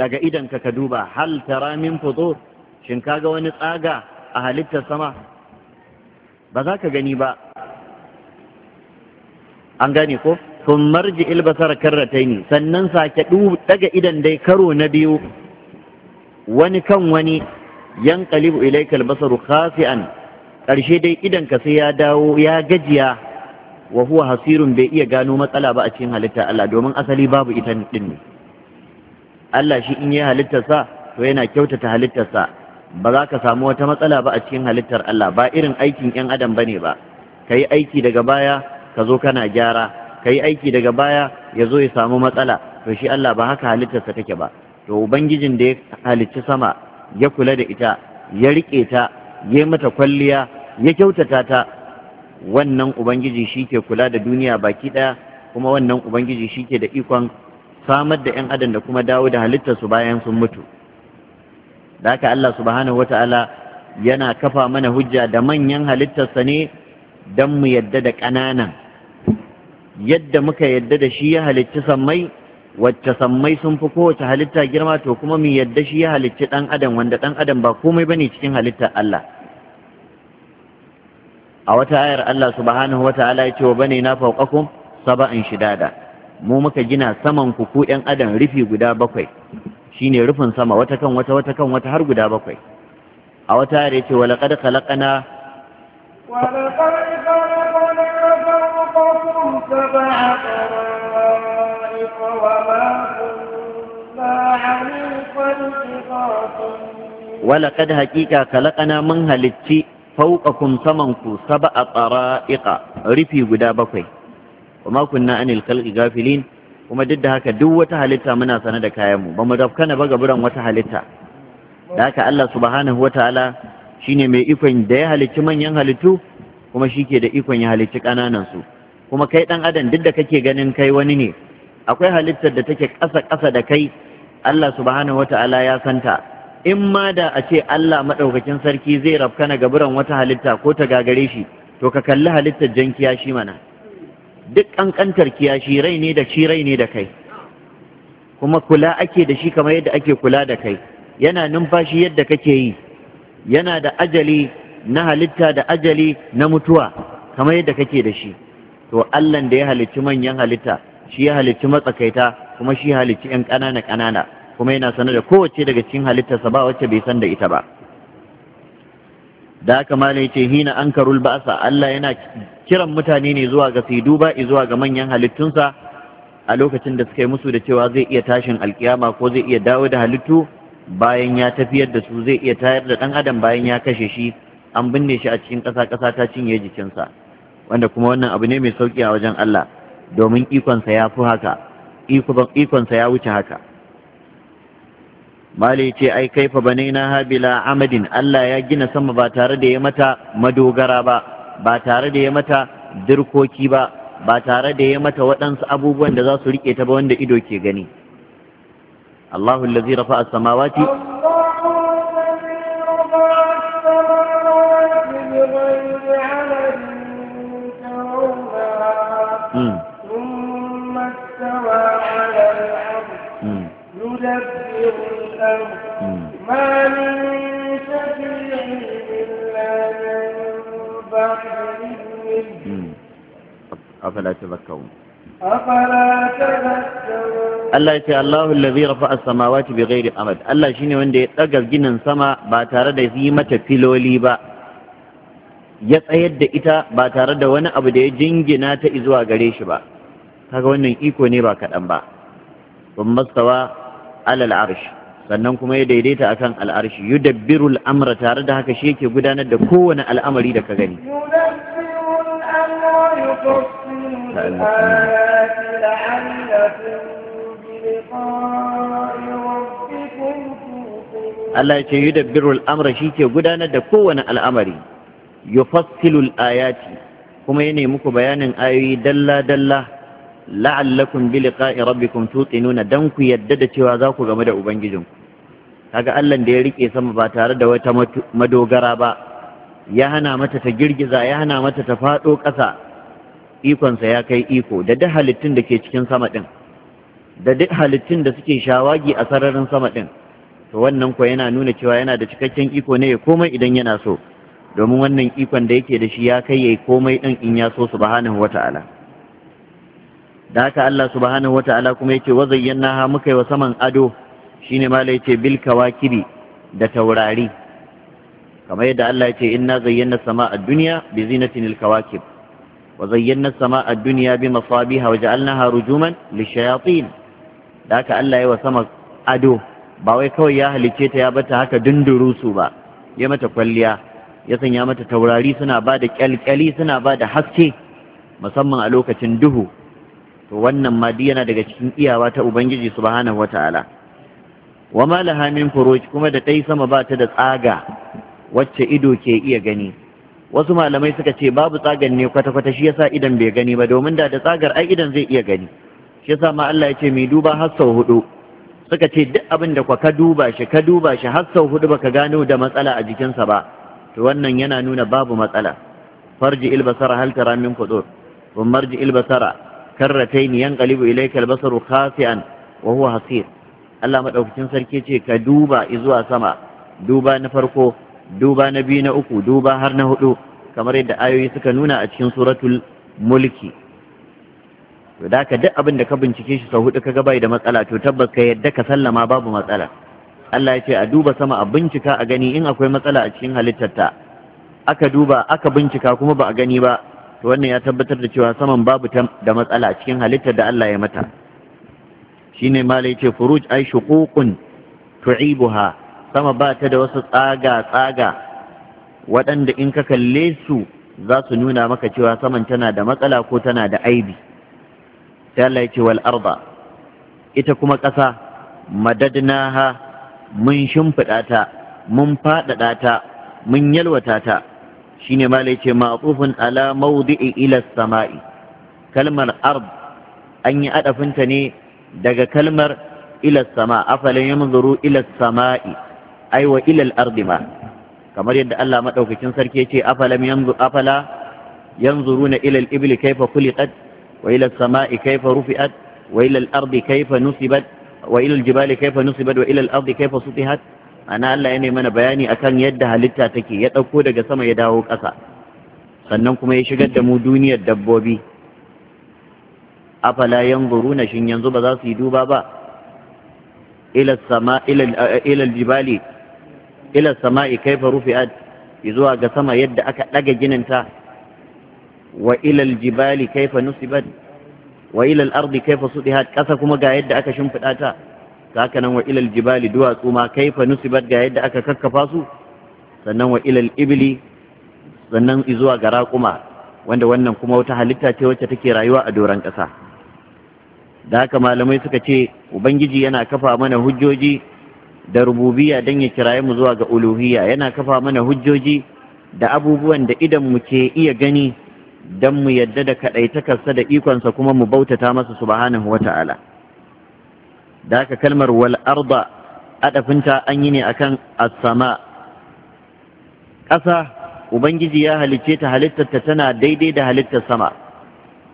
A: daga idan ka ka duba hal tara min futur shin kaga wani tsaga a halittar sama ba za ka gani ba an gane ko sun marji ilbasar karrataini sannan sake daga idan dai karo na biyu wani kan wani yan kalibu ilaikal basaru khasi'an ƙarshe dai idan ka sai ya dawo ya gajiya wa huwa hasirun bai iya gano matsala ba a cikin halitta Allah domin asali babu ita din ne Allah shi in ya halittarsa to yana kyautata halittarsa ba za ka samu wata matsala ba a cikin halittar Allah ba irin aikin 'yan adam bane ba ka yi aiki daga baya ka zo kana gyara ka yi aiki daga baya ya zo ya samu matsala to shi Allah ba haka halittarsa take ba to ubangijin da ya halicci sama ya kula da ita ya rike ta ya mata kwalliya ya kyautata ta wannan ubangiji shi ke kula da duniya baki ɗaya kuma wannan ubangiji shi ke da ikon samar da 'yan adam da kuma dawo da halittarsu bayan sun mutu da haka Allah subhanahu wata'ala yana kafa mana hujja da manyan halittarsa ne don mu yadda da ƙananan yadda muka yadda da shi ya halicci sammai wacce sammai sun fi kowace halitta girma to kuma mu yadda shi ya halicci ɗan adam wanda ɗan adam ba komai bane cikin halittar Allah a wata ayar Allah subhanahu wa ta'ala ya ce wa bani na fawqakum saba'an shidada mu muka gina saman ku ku ɗan adam rufi guda bakwai shine rufin sama wata kan wata wata kan wata har guda bakwai a wata ayar ya ce wa laqad khalaqna
B: ولقد خلقنا فوقكم سبع طرائق وما كنا عن الخلق
A: ولقد خلقنا من هلتي فوقكم سمنكو سبع طرائق رفي قدا بكوي وما كنا عن الخلق غافلين وما duk هكا haka هلتا منا halitta وما sane da بقى برا mu هلتا ba الله سبحانه وتعالى Shi ne mai ikon da ya halicci manyan halittu kuma shi ke da ikon ya halicci ƙananan su kuma kai ɗan adam duk da kake ganin kai wani ne akwai halittar da take ƙasa ƙasa da kai Allah subhanahu wata'ala ya santa in ma da a ce Allah maɗaukakin sarki zai rafkana gaburan wata halitta ko ta gagare shi to ka kalli halittar jan kiyashi mana duk ƙanƙantar kiyashi rai ne da shi rai ne da kai kuma kula ake da shi kamar yadda ake kula da kai yana numfashi yadda kake yi yana da ajali na halitta da ajali na mutuwa kamar yadda kake da shi to Allah da ya halicci manyan halitta shi ya halicci matsakaita kuma shi ya halicci yan ƙanana ƙanana kuma yana sanar da kowace daga cikin halittarsa ba wacce bai san da ita ba da haka malam yace hina ankarul ba'sa Allah yana kiran mutane ne zuwa ga su duba zuwa ga manyan halittunsa a lokacin da suka yi musu da cewa zai iya tashin alkiyama ko zai iya dawo da halittu bayan ya tafiyar da su zai iya tayar da ɗan adam bayan ya kashe shi an binne shi a cikin ƙasa ƙasa ta cinye jikinsa wanda kuma wannan abu ne mai sauƙi a wajen Allah domin ikonsa ya fi haka ikonsa ya wuce haka mali ce ai kaifa banaina na habila amadin Allah ya gina sama ba tare da ya mata madogara ba ba tare da ya mata dirkoki ba ba tare da ya mata waɗansu abubuwan da za su riƙe ta ba wanda ido ke gani الله الذي رفع السماوات
B: ثم استوى على الأرض يدبر الأمر ما من شفيع إلا من بعد إذنه
A: أفلا تذكرون
B: أفلا تذكرون
A: Allah ya ce Allahu allazi rafa'a as-samawati bighairi amad Allah shine wanda ya daga ginin sama ba tare da yi mata filoli ba ya tsayar da ita ba tare da wani abu da ya jingina ta zuwa gare shi ba kaga wannan iko ne ba kaɗan ba kun mastawa alal arsh sannan kuma ya daidaita akan al'arshi yudabbiru amra tare da haka shi yake gudanar da kowane al'amari da ka gani
B: yudabbiru Allah
A: ce yi dabbiru al'amura shi ke gudanar da kowane al'amari, yufassilu ayati kuma ya nemi ku bayanin ayoyi dalla-dalla la'allakun in rabbi kun tutsi nuna, dan ku yadda da cewa za ku game da ubangijin kaga Allah da ya riƙe sama ba tare da wata madogara ba ya hana mata ta girgiza ya hana mata ta fado ƙasa ikonsa ya kai iko da da halittun da ke cikin sama ɗin. da duk halittun da suke shawagi a sararin sama ɗin to wannan kuwa yana nuna cewa yana da cikakken iko ne ya komai idan yana so domin wannan ikon da yake da shi ya kai ya komai ɗin in ya so subhanahu wata'ala da haka Allah subhanahu wata'ala kuma yake wa zayyana ha muka yi wa saman ado shine ma yace bil kawakibi da taurari kamar yadda Allah yace inna zayyana sama'a dunya bi zinatil kawakib وزينا السماء الدنيا بمصابيح وجعلناها رجوما للشياطين da haka Allah ya wa sama ado ba wai kawai ya halicce ta ya bata haka dunduru su ba ya mata kwalliya ya sanya mata taurari suna ba da kyalkyali suna ba da haske musamman a lokacin duhu to wannan ma duk yana daga cikin iyawa ta ubangiji subhanahu wataala wa ma laha min furuj kuma da tai sama ba ta da tsaga wacce ido ke iya gani wasu malamai suka ce babu tsagan ne kwata-kwata shi yasa idan bai gani ba domin da da tsagar ai idan zai iya gani shi yasa ma Allah ya ce mai duba har sau hudu suka ce duk abin da ka duba shi ka duba shi har sau hudu baka gano da matsala a jikinsa ba to wannan yana nuna babu matsala farji ilbasara hal tara min qudur wa marji ilbasara karratayn yanqalibu ilayka albasaru khasi'an wa huwa hasir Allah madaukakin sarki ce ka duba zuwa sama duba na farko duba na biyu na uku duba har na hudu kamar yadda ayoyi suka nuna a cikin suratul mulki to da ka duk abin da ka bincike shi sau hudu ka ga bai da matsala to tabbas ka yadda ka sallama babu matsala Allah ya ce a duba sama a bincika a gani in akwai matsala a cikin halittarta aka duba aka bincika kuma ba a gani ba to wannan ya tabbatar da cewa saman babu da matsala a cikin halittar da Allah ya mata shine malai ce furuj ai shuququn tu'ibuha sama ba ta da wasu tsaga tsaga waɗanda in ka kalle su za su nuna maka cewa saman tana da matsala ko tana da aibi sai Allah ya wal arda ita kuma ƙasa madadnaha mun shimfiɗa ta mun faɗaɗa ta mun yalwata ta shine ma ce ma'tufun ala mawdi'i ila sama'i kalmar ard an yi adafinta ne daga kalmar ila sama afalan yanzuru ila sama'i ai wa ila al-ardi ma kamar yadda Allah madaukakin sarki yace afalam yanzu afala yanzuruna ila al-ibli kayfa khuliqat وإلى السماء كيف رفئت وإلى الأرض كيف نسبت وإلى الجبال كيف نسبت وإلى الأرض كيف سطحت أنا ألا يعني من بياني أكان يدها لتاتكي يتأكود قسم يداه قصا sannan ya shigar da mu duniyar dabbobi afala yanzuru na shin yanzu ba za su yi duba ba ila sama ila jibali ila sama'i kaifa zuwa ga sama yadda aka ɗaga daga ta. wa ilal jibali kaifa nusibat wa ilal ardi kaifa sudihat kasa kuma ga yadda aka shimfiɗa ta haka nan wa ilal jibali duwatsu ma kaifa nusibat ga yadda aka kakkafa su sannan wa ilal ibli sannan zuwa ga raƙuma wanda wannan kuma wata halitta ce wacce take rayuwa a doron ƙasa da haka malamai suka ce ubangiji yana kafa mana hujjoji da rububiya don ya kiraye mu zuwa ga uluhiyya yana kafa mana hujjoji da abubuwan da idan mu ke iya gani don mu yadda da kaɗaitakarsa da ikonsa kuma mu bautata masa subhanahu wa ta'ala da haka kalmar wal arda adafinta an yi ne akan as ƙasa ubangiji ya halicce ta halittarta tana daidai da halittar sama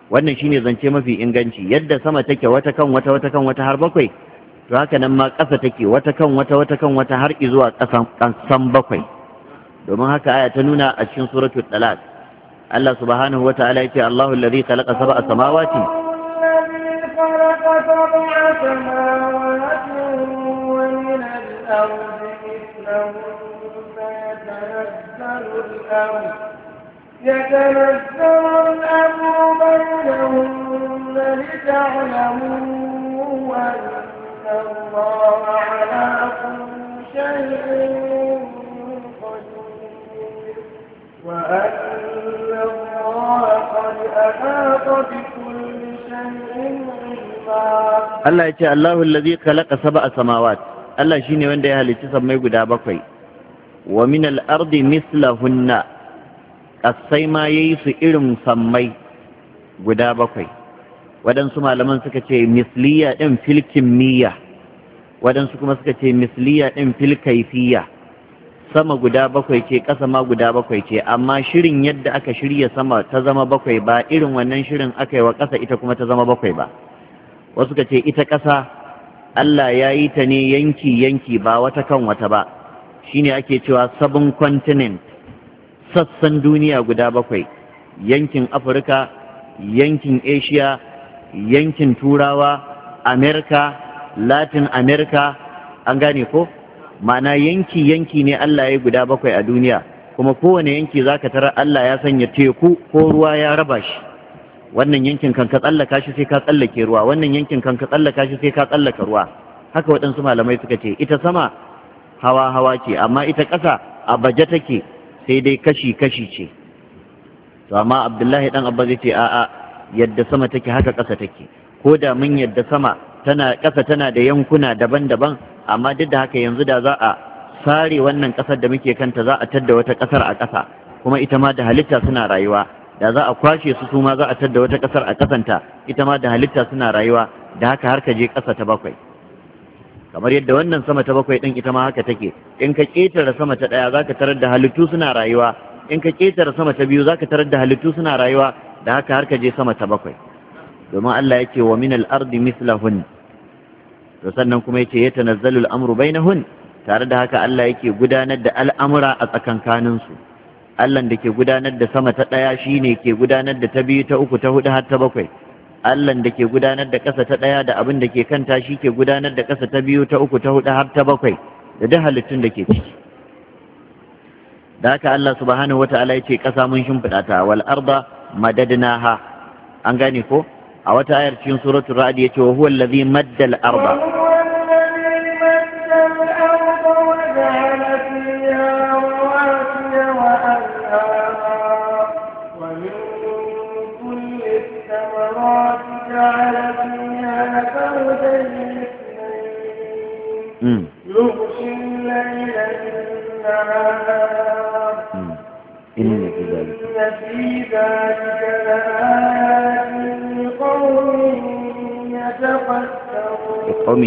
A: wannan shine zance mafi inganci yadda sama take wata kan wata wata kan wata har bakwai to haka nan ma ƙasa take wata kan wata wata kan wata har izuwa ƙasan bakwai domin haka aya ta nuna a cikin suratul talaq الله سبحانه وتعالى يتي الله الذي خلق سبع سماوات الذي
B: خلق سبع سماوات ومن الأرض يتنزل الأمر بينهن لتعلموا أن الله على كل شيء قدير وأن
A: Allah ya ce Allahu lazi kalaka sab'a samawat Allah shi ne wanda ya halicci sammai guda bakwai wa min al-ardi mislahunna ƙasai ma yayi su irin sammai guda bakwai waɗansu malaman suka ce misliya ɗin filkin miya. waɗansu kuma suka ce misliya ɗin filkaifiya sama guda bakwai ce ƙasa ma guda bakwai ce amma shirin yadda aka shirya sama ta zama bakwai ba irin wannan shirin aka yi wa ƙasa ita kuma ta zama bakwai ba wasu ka ce ita ƙasa Allah ya yi ta ne yanki yanki ba wata kan wata ba shine ake cewa sabon continent sassan duniya guda bakwai yankin afirka yankin asia yankin turawa amerika latin amerika an gane ko ma'ana yanki yanki ne Allah ya guda bakwai a duniya kuma kowane yanki za ka tara Allah ya sanya teku ko ruwa ya raba shi wannan yankin kan ka tsallaka shi sai ka tsallake ruwa wannan yankin kan ka tsallaka shi sai ka tsallaka ruwa haka waɗansu malamai suka ce ita sama hawa hawa ce amma ita ƙasa a baje take sai dai kashi kashi ce to amma Abdullahi dan Abba zai ce a'a yadda sama take haka ƙasa take ko da mun yadda sama tana ƙasa tana da yankuna daban-daban amma duk da haka yanzu da za a sare wannan ƙasar da muke kanta za a tadda wata ƙasar a ƙasa kuma ita ma da halitta suna rayuwa da za a kwashe su su ma za a tadda wata ƙasar a ƙasanta ita ma da halitta suna rayuwa da haka har ka je ƙasa ta bakwai kamar yadda wannan sama ta bakwai ɗin ita ma haka take in ka ƙetare sama ta ɗaya za ka tarar da halittu suna rayuwa in ka ƙetare sama ta biyu za ka tarar da halittu suna rayuwa da haka har ka je sama ta bakwai domin Allah ya wa min al-ardi mislahun to sannan kuma yace ya tanazzalu al'amru bainahun tare da haka Allah yake gudanar da al'amura a tsakankanin su Allah da ke gudanar da sama ta ɗaya shine ke gudanar da ta biyu ta uku ta hudu har ta bakwai Allah da ke gudanar da ƙasa ta ɗaya da abin da ke kanta shi ke gudanar da ƙasa ta biyu ta uku ta hudu har ta bakwai da duk halittun da ke ciki da haka Allah subhanahu wa ta'ala yace ƙasa mun shimfida ta wal arda madadnaha an gane ko a wata ayar cikin suratul ra'd yace wa huwa allazi madda al arda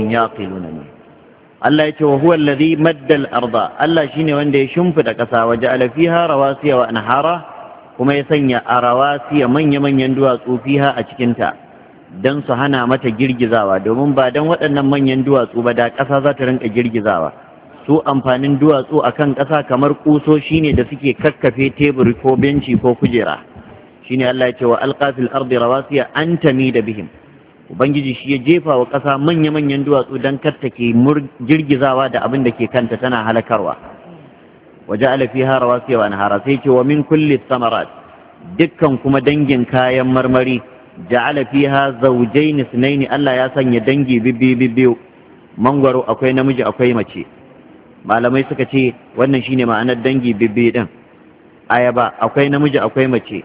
A: yaqiluna ne Allah ya ce wa huwa madda arda Allah shine wanda ya shimfida kasa waje ala fiha rawasiya wa anhara kuma ya sanya a rawasiya manya manyan duwatsu fiha a cikin ta dan su hana mata girgizawa domin ba dan waɗannan manyan duwatsu ba da ƙasa za ta rinka girgizawa su amfanin duwatsu akan ƙasa kamar kusoshi ne da suke kakkafe tebur ko benci ko kujera shine Allah ya ce wa alqafil ardi rawasiya an da bihim ubangiji shi ya jefa wa ƙasa manya-manyan duwatsu don katta ke girgizawa da abin da ke kanta tana halakarwa waje alafi harawa sai wa hara, sai ce wa min kulli samarat dukkan kuma dangin kayan marmari ja'ala ni zawjayn ni Allah ya sanya dangi bibbi bibbiyu mangwaro akwai namiji akwai mace malamai suka ce wannan shine ma'anar dangi bibbi din ayaba akwai namiji akwai mace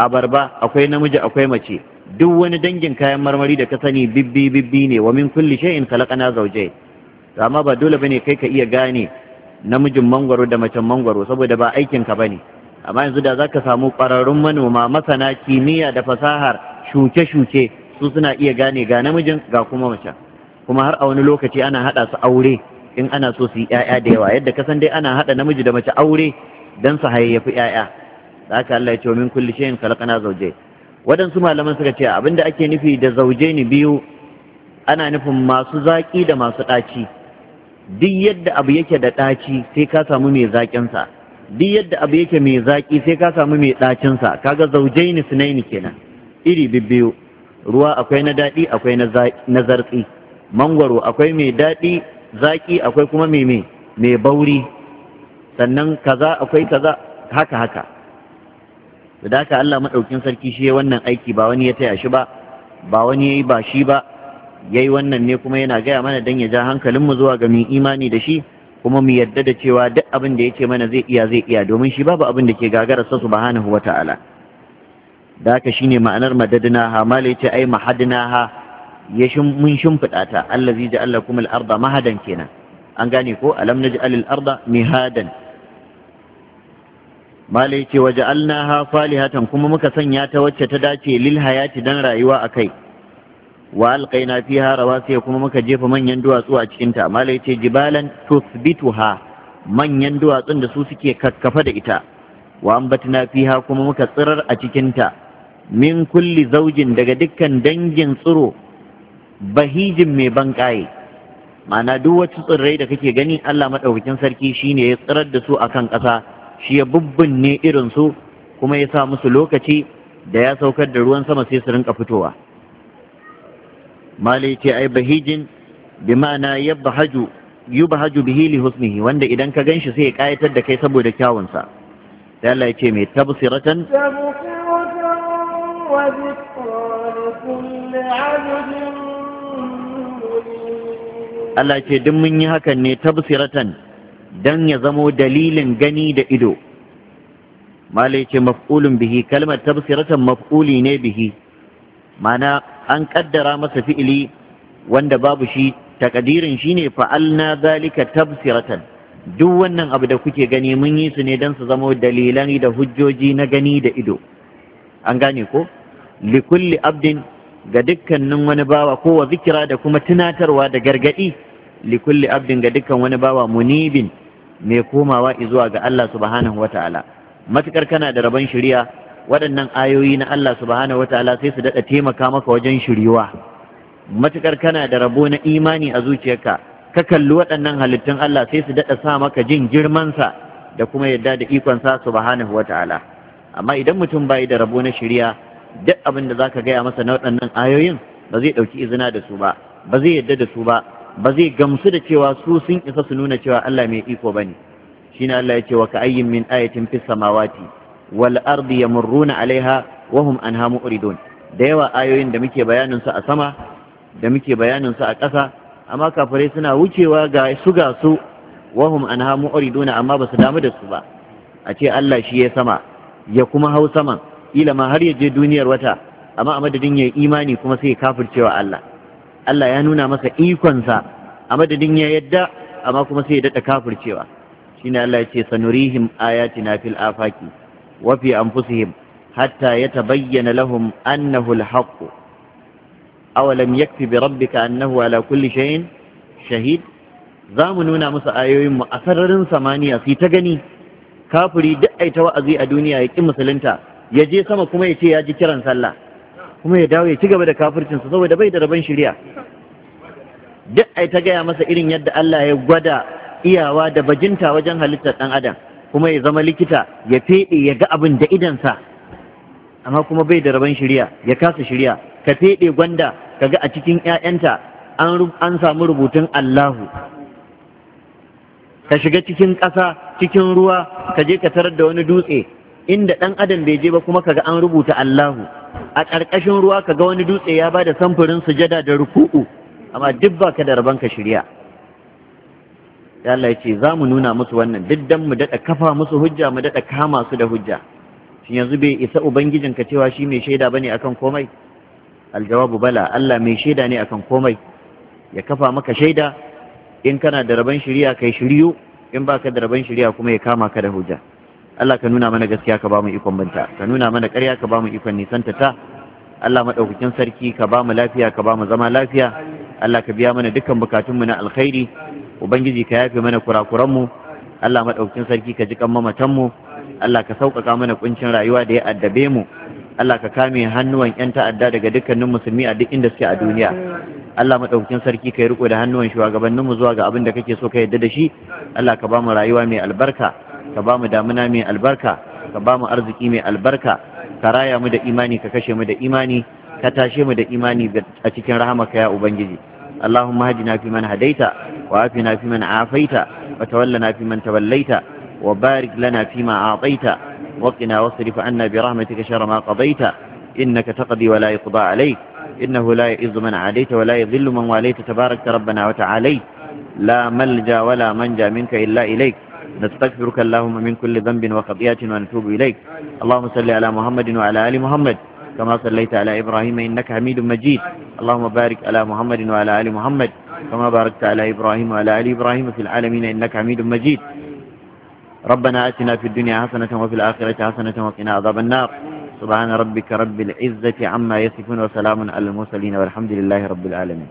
A: abarba akwai namiji akwai mace duk wani dangin kayan marmari da ka sani bibbi bibbi ne wa min kulli shay'in khalaqana zawjayn amma ba dole bane kai ka iya gane namijin mangwaro da macen mangwaro saboda ba aikin ka bane amma yanzu da zaka samu ƙwararrun manoma masana kimiyya da fasahar shuke-shuke su suna iya gane ga namijin ga kuma macen kuma har a wani lokaci ana haɗa su aure in ana so su yi ‘ya'ya da yawa yadda ka san dai ana haɗa namiji da mace aure dan su hayayyafi ‘ya'ya da haka Allah ya ce min kulli shayin khalaqana zawjay waɗansu malaman suka ce abinda ake nufi da zauje ni biyu ana nufin masu zaƙi da masu ɗaci duk yadda abu yake da ɗaci sai ka samu mai zaƙinsa duk yadda abu yake mai zaƙi sai ka samu mai ɗacinsa kaga zauje ni sunaini kenan iri bibbiyu ruwa akwai na daɗi akwai na zartsi mangwaro akwai mai daɗi zaƙi akwai kuma mai mai mai bauri sannan kaza akwai kaza haka haka da haka Allah maɗaukin sarki shi wannan aiki ba wani ya taya shi ba ba wani ya ba shi ba yayi wannan ne kuma yana gaya mana dan ya ja hankalin mu zuwa ga mu imani da shi kuma mu yarda da cewa duk abin da ya ce mana zai iya zai iya domin shi babu abin da ke gagara sa subhanahu Wataala! da haka shine ma'anar madadina ha mala yace ai mahadina ha ya shin mun shimfida ta allazi ja'alakumul arda mahadan kenan an gane ko alam naj'alil arda mihadan malai ce waje alnaha falihatan kuma muka sanya ta wacce ta dace lil hayati dan rayuwa a kai wa alqaina fiha rawasiya kuma muka jefa manyan duwatsu a cikin ta malai ce jibalan tusbituha manyan duwatsun da su suke kakkafa da ita wa ambatna fiha kuma muka tsirar a cikin ta min kulli zaujin daga dukkan dangin tsiro bahijin mai banƙaye ma'ana duk wacce tsirrai da kake gani Allah madaukakin sarki shine ya tsirar da su akan ƙasa shi ya bubbinne irin su kuma ya sa musu lokaci da ya saukar da ruwan sama sai su rinka fitowa mali ce ai bahijin bi ma'ana yabhaju haju bihi li husnihi wanda idan ka ganshi sai ya kayatar da kai saboda kyawunsa sai Allah ya ce mai tabsiratan Allah ce duk mun yi hakan ne tabsiratan don ya zamo dalilin gani da ido malai ce maf'ulun bihi kalmar tafsiratan maf'uli ne bihi mana an kaddara masa fi'ili wanda babu shi takadirin shine fa'alna zalika tafsiratan duk wannan abu da kuke gani mun yi su ne don su zamo dalilan da hujjoji na gani da ido an gane ko likulli abdin ga dukkanin wani bawa ko wa zikira da kuma tunatarwa da gargadi likulli abdin ga dukkan wani bawa munibin mai komawa izuwa ga Allah subhanahu ta’ala, matukar kana da rabon shiriya waɗannan ayoyi na Allah subhanahu ta’ala sai su daɗa taimaka maka wajen shiriwa matukar kana da rabo na imani a zuciyarka ka kalli waɗannan halittun Allah sai su daɗa sa maka jin girmansa da kuma yadda da ikonsa subhanahu ta’ala. amma idan mutum bai da rabo na shiriya duk abin da zaka gaya masa na waɗannan ayoyin ba zai ɗauki izina da su ba ba zai yadda da su ba ba zai gamsu da cewa su sun isa su nuna cewa Allah mai iko ba ne. Shi ne Allah ya ce wa ka ayyin min ayatin fis samawati wal ardi yamurruna alaiha wa hum anha mu'ridun da yawa ayoyin da muke bayanin su a sama da muke bayanin su a ƙasa amma kafirai suna wucewa ga su ga su wa hum anha mu'ridun amma ba su damu da su ba a ce Allah shi ya sama ya kuma hau saman ila ma har ya je duniyar wata amma a madadin ya yi imani kuma sai ya kafircewa Allah Allah ya nuna masa ikonsa a madadin ya yadda amma kuma sai ya daɗa kafircewa shine Allah ya ce sanurihim ayatina fil afaki wa fi anfusihim hatta yatabayyana lahum annahu al-haqq awalam yakfi bi rabbika annahu ala kulli shay'in shahid za mu nuna musu ayoyin mu a sararin samaniya su ta gani kafiri duk ai ta wa'azi a duniya ya ki musulunta ya je sama kuma ya ce ya ji kiran sallah kuma ya dawo ya ci gaba da kafircinsa saboda bai da rabon shirya duk ai ta gaya masa irin yadda Allah ya gwada iyawa da bajinta wajen halittar ɗan adam kuma ya zama likita ya feɗe ya ga abin da idansa amma kuma bai da rabon shirya ya kasa shirya ka feɗe gwanda ka ga a cikin 'ya'yanta an samu rubutun Allahu ka shiga cikin ƙasa cikin ruwa ka je ka tarar da wani dutse inda ɗan adam bai je ba kuma kaga an rubuta Allahu a ƙarƙashin ruwa kaga wani dutse ya bada samfurin sujada da ruku'u amma duk ba ka da rabon ka shirya Allah ya ce za mu nuna musu wannan duk dan mu daɗa kafa musu hujja mu daɗa kama su da hujja shin yanzu bai isa ka cewa shi mai shaida bane akan komai aljawabu bala Allah mai shaida ne akan komai ya kafa maka shaida in kana da rabon shirya kai shiryo in baka da rabon shirya kuma ya kama ka da hujja Allah ka nuna mana gaskiya ka ba mu ikon banta ka nuna mana ƙarya ka ba mu ikon nisanta ta Allah maɗaukakin sarki ka ba mu lafiya ka ba mu zama lafiya Allah ka biya mana dukkan bukatunmu na alkhairi ubangiji ka yafe mana kurakuranmu Allah maɗaukakin sarki ka ji kan mamatanmu Allah ka sauƙaƙa mana kuncin rayuwa da ya addabe mu Allah ka kame hannuwan 'yan ta'adda daga dukkanin musulmi a duk inda suke a duniya Allah maɗaukakin sarki ka yi riko da hannuwan shugabanninmu zuwa ga abin da kake so ka yarda da shi Allah ka ba mu rayuwa mai albarka ka ba mu damuna mai albarka ka ba mu arziki mai albarka ka raya mu da imani ka kashe mu da imani ka tashe mu da imani a cikin rahamaka ya ubangiji اللهم اهدنا فيمن هديت وعافنا فيمن عافيت وتولنا فيمن توليت وبارك لنا فيما أعطيت وقنا واصرف عنا برحمتك شر ما قضيت إنك تقضي ولا يقضى عليك إنه لا يئز من عاديت ولا يضل من واليت تبارك ربنا وتعاليت لا ملجا ولا منجا منك إلا إليك نستغفرك اللهم من كل ذنب وخطيئة ونتوب إليك اللهم صل على محمد وعلى آل محمد كما صليت على إبراهيم إنك حميد مجيد اللهم بارك على محمد وعلى آل محمد كما باركت على إبراهيم وعلى آل إبراهيم في العالمين إنك حميد مجيد ربنا آتنا في الدنيا حسنة وفي الآخرة حسنة وقنا عذاب النار سبحان ربك رب العزة عما يصفون وسلام على المرسلين والحمد لله رب العالمين